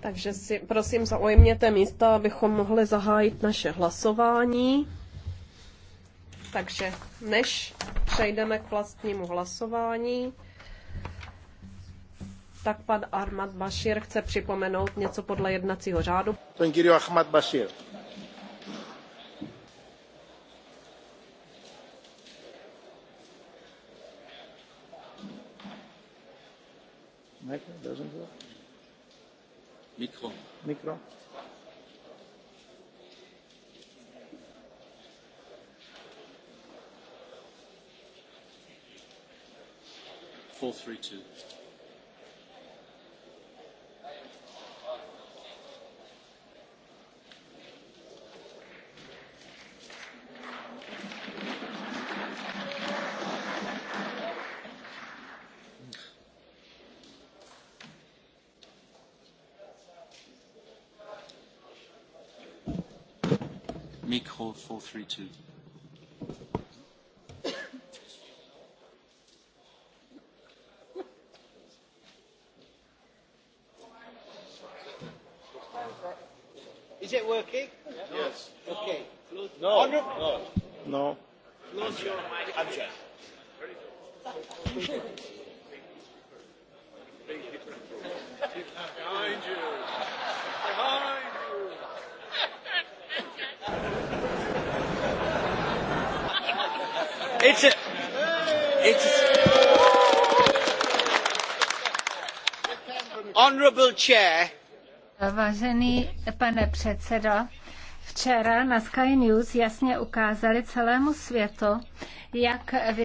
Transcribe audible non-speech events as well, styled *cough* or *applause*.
Takže si prosím zaujměte místa, abychom mohli zahájit naše hlasování. Takže než přejdeme k vlastnímu hlasování, tak pan Ahmad Bashir chce připomenout něco podle jednacího řádu. Ten Ahmad Bashir. doesn't work. Mikro. Mikro. Four, three, two. Micro 432. Is it working? Yes. Okay. No. No. No. Close your mic. Answer. *laughs* Behind you. It's a, it's a, honorable chair. Vážený pane předsedo, včera na Sky News jasně ukázali celému světu, jak